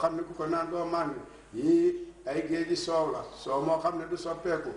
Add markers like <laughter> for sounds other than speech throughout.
xam ne ku ko naan doo màngi yii ay géeji soow la soow moo xam ne du soppeeku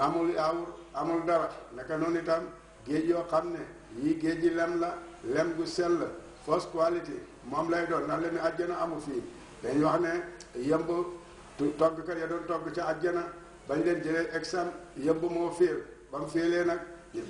amul awur amul dara naka noon itam géej yoo xam ne yii géeji lem la lem gu sell first quality moom lay doon ndax lemi àjjana amu fii dañ xam ne yëmb toggkat ya doon togg ca àjjana bañ leen jëlee exam yëmb moo fiir ba mu fiilee nag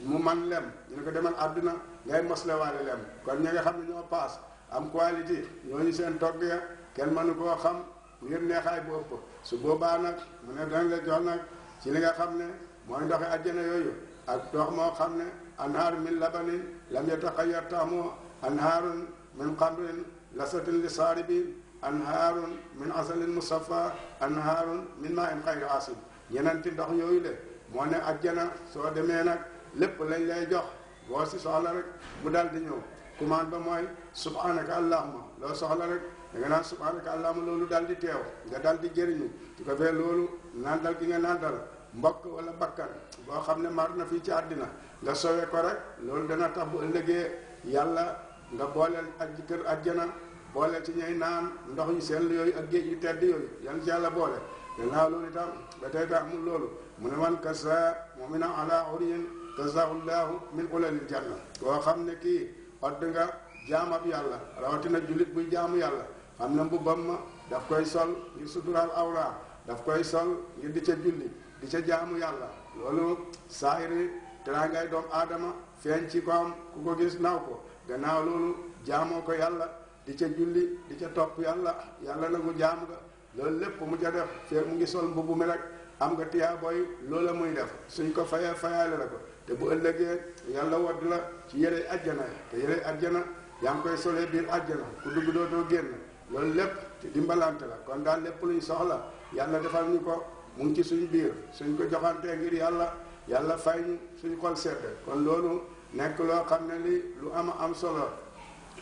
mu man lem ñu ne ko demal àdduna ngay moslewaale lem kon ñi nga xam ne ñoo paas am quality ñooñu seen togg ya kenn mënu boo xam ngir neexaay bu ëpp su boobaa nag mu ne danañ la jox nag ci li nga xam ne mooy ndoxi àjjana yooyu ak ndox moo xam ne anhaar min labanin lam yataxayyar taamu anhaarun min xamrin lasatin li saaribin anhaarun min asalin musaffa anhaarun min maa in xayri asin ñenenti ndox yooyu le moo ne àjjana soo demee nag lépp lañ lay jox boo si soxla rek mu daal di ñëw commande ba mooy subhanaka allahuma loo soxla rek da nga naan subhanaka loolu daal di teew nga daal di jëriñu su ko fee loolu nandal gi nga nandal mbokk wala bakkan boo xam ne mar na fii ci àddina nga sowe ko rek loolu dana tax bu ëllëgee yàlla nga booleel ak kër àjjana boole ci ñay naan ndox yu sell yooyu ak géej yu tedd yooyu yan ci yàlla boole gannaaw loolu itam ba tey tax mun loolu mu ne man kasa muminan ala uriyin kasahullahu min ulalil janna koo xam ne kii odd nga jaamab yàlla rawatina jullit buy jaamu yàlla xam na mbubbam ma daf koy sol ngir suturaal awra daf koy sol ngir di ca julli di ca jaamu yàlla loolu saahiri teraangay doomu aadama feeñ ci ko am ku ko gis naaw ko gannaaw loolu jaamoo ko yàlla di ca julli di ca topp yàlla yàlla nangu jaam nga loolu lépp mu ca def fee mu ngi sol mbubb mi rek am nga tiyaa booy loola muy def suñ ko fayee fayaale la ko te bu ëllëgee yàlla wadd la ci yére ajjana te yére ajjana yaa ngi koy solee biir ajjana ku dugg dootoo génn loolu lépp te dimbalante la kon daal lépp luñ soxla yàlla defal ñu ko mu ngi ci suñ biir suñ ko joxantee ngir yàlla yàlla fay suñ xol sedd kon loolu nekk loo xam ne li lu ama am solo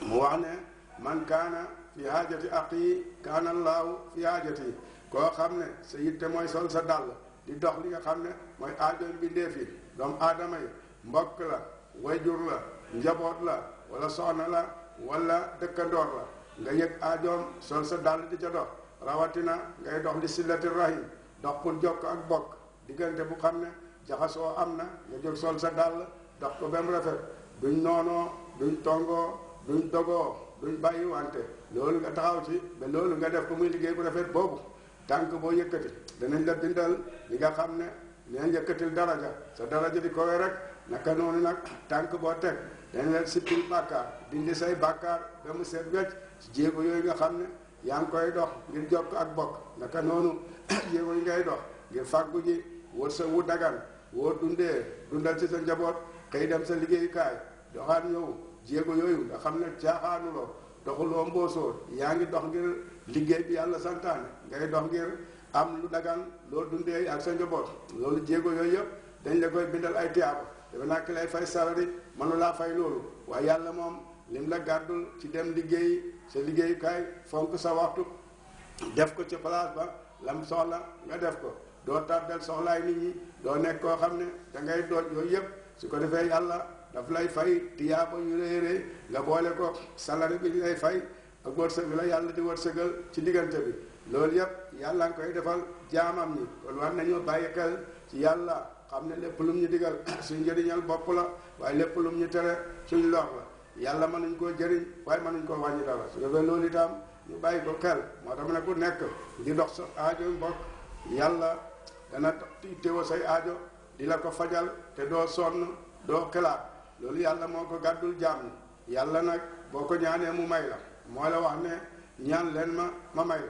mu wax ne man kaana fi haajati aqi kaana laahu fi haajati koo xam ne sa yitte mooy sol sa dàll di dox li nga xam ne mooy aajoon bi ndeefi doomu aadama yi mbokk la wayjur la njaboot la wala soxna la wala dëkkandoor la nga yëg aajoom sol sa dàll di ca dox rawatina ngay dox li sillati yi dox pour jokk ak bokk diggante bu xam ne jaxasoo am na nga jot sol sa dàll dox ko ba mu rafet duñ noonoo duñ tongoo duñ dogoo duñ bàyyi wante loolu nga taxaw ci ba loolu nga def ko muy liggéey bu rafet boobu tànk boo yëkkati danañ la bindal li nga xam ne leen njëkkatil daraja sa daraja di ko wee rek naka noonu nag tànk boo teg dañ leen sippil dindi say bàkkaar ba mu seet wecc yooyu nga xam ne yaa ngi koy dox ngir jokk ak bokk naka noonu <clears throat> jéego ngay dox ngir fàggu ji wër sa wu dagan woo dundee dundal ci sa njaboot xëy dem sa liggéeyukaay doxaan ñëw jéego yooyu nga xam ne caaxaanuloo doxuloo mboosoo yaa ngi dox ngir liggéey bi yàlla santaane ngay dox ngir am lu dagan loo dundee ak sa njaboot loolu jéego yooyu yëpp dañ la koy bindal ay tiyaaba dafa naa ki lay fay salari mënu laa fay loolu waaye yàlla moom lim la gàddul ci dem liggéey sa liggéeyukaay fonk sa waxtu def ko ci place ba lam soxla nga def ko doo tardel soxlaay nit ñi doo nekk koo xam ne dangay ngay doon yooyu yëpp su ko defee yàlla daf lay fay tiyaaba yu rëy rëy nga boole ko salari bi lay fay ak wërsëg bi la yàlla di wërsëgal ci diggante bi loolu yëpp yàlla nga koy defal jaamam ñi kon war nañoo bàyyi xel ci yàlla xam ne lépp lum ñu digal <coughs> suñ njëriñal bopp la waaye lépp lum ñu tere suñ lor la yàlla mënuñ koo jëriñ waaye mënuñ koo wàññi dara su defee loolu itam ñu bàyyi ko xel moo tax ne ku nekk di dox sa aajo mbokk yàlla dana teewoo say aajo di la ko fajal te doo sonn doo xelaat loolu yàlla moo ko gàddul jaam yàlla nag boo ko ñaanee mu may la moo la wax ne ñaan leen ma ma may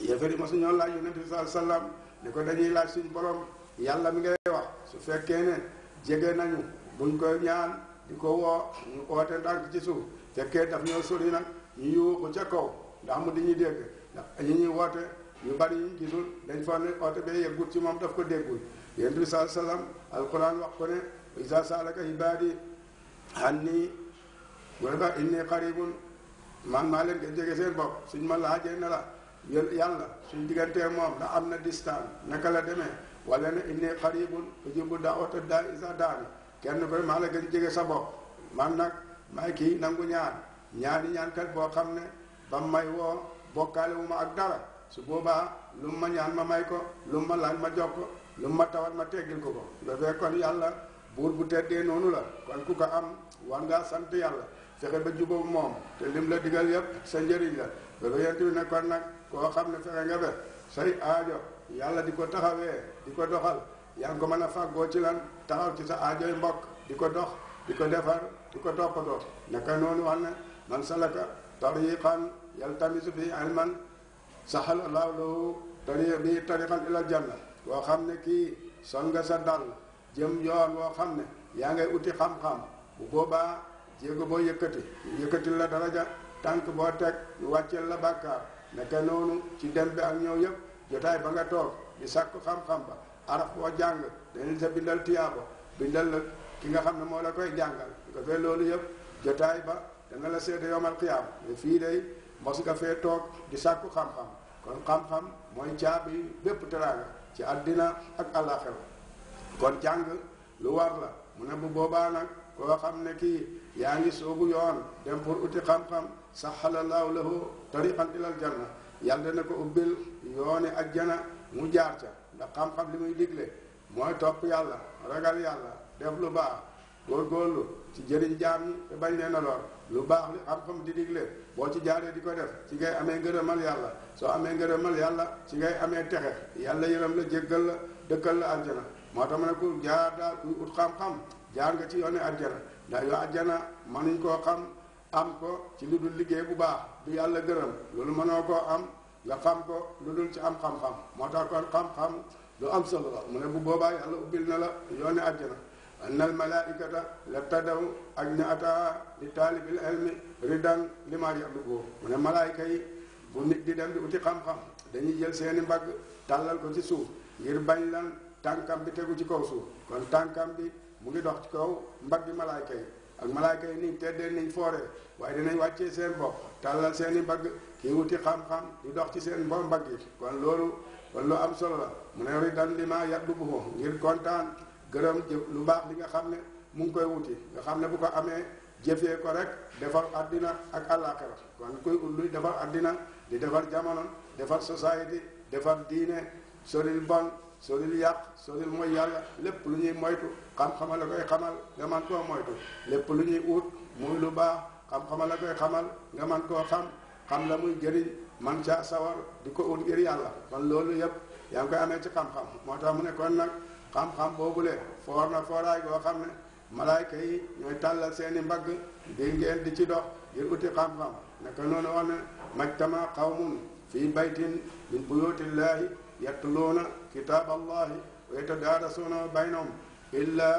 yeferi ma suñoon laaj yonente bi saai sallam li ko dañuy laaj suñ borom yàlla mi ngay wax su fekkee ne jege nañu buñ ko ñaan di ko woo ñu oote ndànk ci suuf fekkee daf ñoo sori nag ñu yuuxu ca kaw ndax mu diñu dégg ndax ñu ñuy woote ñu bari ñu gisul dañ fa ne oote bee yeggut ci moom daf ko déggul yonente bi saai sallam alquran wax ko ne isa saalaka ibaadi hanni wala ka inni xaribun man maa leen ko jege seen bopp suñ ma laajee ne la yàlla suñ diggantee moom na am na distance naka la demee wala ne inni xaribun ujibu daawata daa isa daani kenn koy maa la gën jege sa bopp man nag may kii nangu ñaan ñaani ñaankat boo xam ne ba may woo bokkaale wu ma ak dara su boobaa lu mu ma ñaan ma may ko lu mu ma laaj ma jox ko lu ma tawat ma teggil ko ko dafee kon yàlla buur bu teddee noonu la kon ku ko am war ngaa sant yàlla fexe ba jubóobu moom te lim la digal yëpp sa njëriñ la dafay yent koo xam ne fexe nga ba say aajo yàlla di ko taxawee di ko doxal yaa ngi ko mën a fàggoo ci lan taxaw ci sa aajoy mbokk di ko dox di ko defar di ko toppatoo naka noonu wax ne man salaka tariqan yaltamisu fi ilman sahal allahu lahu tariq bi tariqan ila janna koo xam ne kii sol nga sa dal jëm yoon woo xam ne yaa ngay uti xam-xam bu boobaa jéego boo yëkkati yëkkati la daraja tànk boo teg ñu wàcceel la bàkkaar naka noonu ci dem bi ak ñëw yëpp jotaay ba nga toog di sàkku xam-xam ba araf boo jàng dañu sa bindal tiyaaba bindal la ki nga xam ne moo la koy jàngal nga fee yëpp jotaay ba dana la seete yomal fii day mos nga fee toog di sàkku xam-xam kon xam-xam mooy caabi bépp teraanga ci àddina ak àllaaxira kon jàng lu war la mu ne bu boobaa nag koo xam ne kii yaa ngi soogu yoon dem pour uti xam-xam saxalallahu lahu tariqan ilal janna yàlla na ko ubbil yooni ajjana mu jaar ca ndax xam-xam li muy digle mooy topp yàlla ragal yàlla def lu baax góorgóorlu ci jëriñ jaam ñi te bañ leen na lor lu baax li xam-xam di digle boo ci jaaree di ko def ci ngay amee ngërëmal yàlla soo amee ngërëmal yàlla ci ngay amee texe yàlla yërëm la jéggal la dëkkël la ajjana moo tax ma ne ku jaar daal kuy ut xam-xam jaar nga ci yooni ajjana ndax yoo ajjana mënuñ koo am ko ci lu dul liggéey bu baax du yàlla gërëm loolu mënoo koo am nga xam ko lu dul ci am xam-xam moo tax kon xam-xam lu am solo la mu ne bu boobaa yàlla ubbil na la yooni àjjana anna na malaikata la tadaw ak ne ataa li taalibil ilmi ridan lima yablugo mu ne malaayka yi bu nit di dem di uti xam-xam dañuy jël seeni mbagg tàllal ko ci suuf ngir bañ lan tànkam bi tegu ci kaw suuf kon tànkam bi mu ngi dox ci kaw mbaggi malaayka yi ak malaayka yi niñ teddee niñ fooree waaye dinañ wàccee seen bopp tàllal seen i mbagg ki wuti xam-xam di dox ci seen bo mbagg yi kon loolu kon lu am solo la mu ne ridan li ma yaddu bu ko ngir kontaan gërëm lu baax li nga xam ne mu ngi koy wuti nga xam ne bu ko amee jëfee ko rek defar àddina ak àllaaxira kon kuy luy defar àddina di defar jamono defar société defar diine soril bon soril yàq soril mooy yàlla lépp lu ñuy moytu xam-xamal la koy xamal nga man koo moytu lépp lu ñuy ut muy lu baax xam-xamal la koy xamal nga man koo xam xam la muy jëriñ man caa sawar di ko ut ngir yàlla kon loolu yëpp yaa ngi koy amee ci xam-xam moo tax mu ne kon nag xam-xam boobule foor na fooraay goo xam ne malaayka yi ñooy tàllal seeni mbagg di ngeen di ci dox ngir uti xam-xam naka noonu wax ne majtama qawmun fii baytin min buyutillahi يتلون كتاب الله ويتدارسون بينهم إلا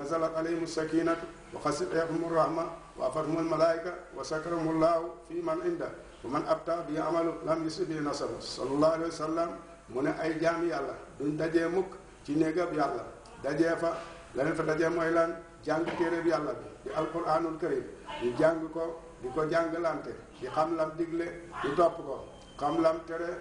نزلت عليهم السكينة وخسرهم الرحمة وأفرهم الملائكة وسكرهم الله في من عنده ومن أبتع بعمل لم يسب به نصره صلى الله عليه وسلم من أي جامي يلا دون دجي مك ci néegab yàlla dajee fa leneen fa dajee تيري lan jàng téeréb yàlla bi di alquranul karim di jàng ko di ko لام di xam lam digle لام تيري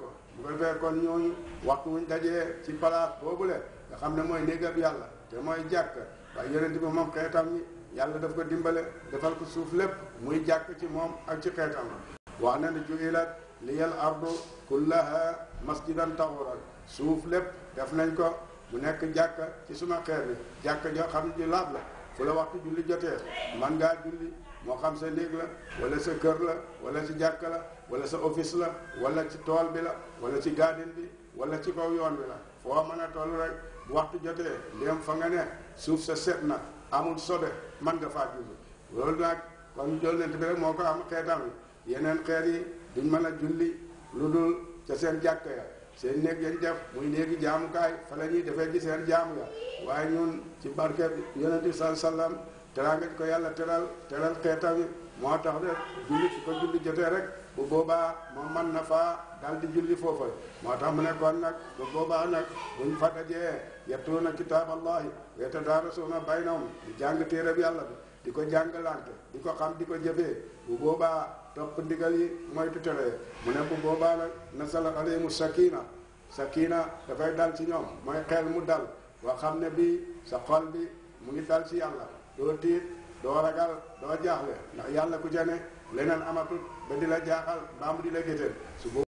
ko xam bu ko defee kon ñooñu waxtu wuñ dajee ci palaas boobule nga xam ne mooy néegab yàlla te mooy jàkk waaye yonent bi moom xeetam yi yàlla daf ko dimbale defal ko suuf lépp muy jàkk ci moom ak ci xeetam la wax na ne ju'ilat liyal ardu kullaha masjidan tahuran suuf lépp def nañ ko mu nekk jàkk ci suma xeer bi jàkk joo xam ne laab la fu la waxtu julli jotee man ngaa julli moo xam sa néeg la wala sa kër la wala si jàkk la wala sa office la wala ci tool bi la wala ci garden bi wala ci kaw yoon bi la foo mën a toll rek bu waxtu jotee ndéem fa nga ne suuf sa set na amul sobe mën nga faa julli loolu nag kon jolnent bi rek moo ko am xeetam yi yeneen yi duñ mën a julli lu dul ca seen jàkk ya seen néeg yañ def muy néegi jaamukaay fa la ñuy defee ci seen jaamu ya waaye ñun ci barke yonent bi sallallahu alayhi wa sallam teraanga di ko yàlla teral teral xeetam moo tax de julli su ko jotee rek bu boobaa moom man na faa daal di julli foofa moo tax mu nekkoon nag bu boobaa nag buñ fa dajee yattuuna kitaaballahi wa yatadaarasuuna baynahum di jàng téereb yàlla bi di ko jàngalante di ko xam di ko jëfee bu boobaa topp ndigal yi moytu teree mu ne bu boobaa nag nasala alayhimu sakina sakina dafay dal ci ñoom mooy xel mu dal wa xam ne bi sa xol bi mu ngi dal ci yàlla doo tiit doo ragal doo jaaxle ndax yàlla ku ja ne leneen amatul ba di la jaaxal mbaa mu di la géteel